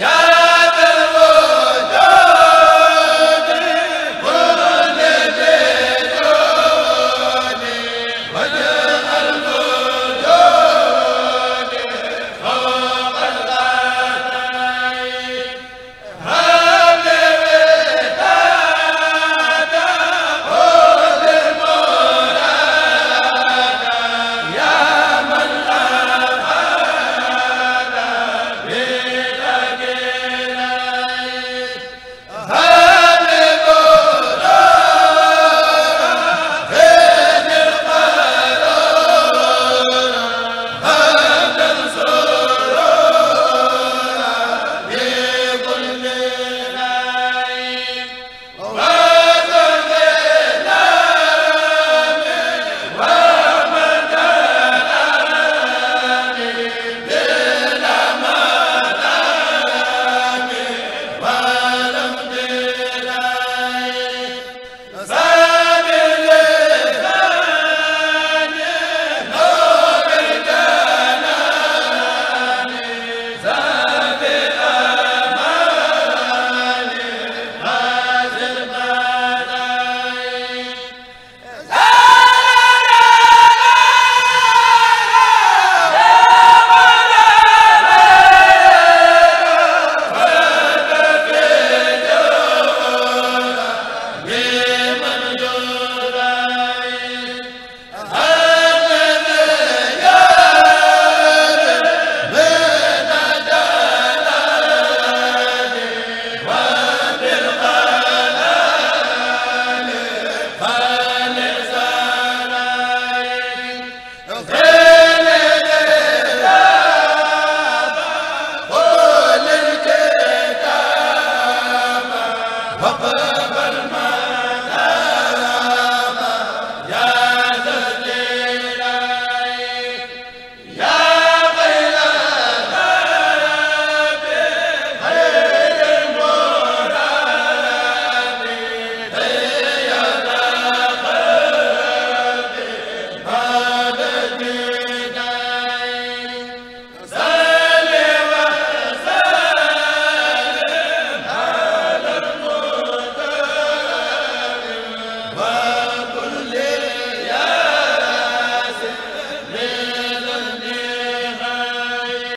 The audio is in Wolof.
yaa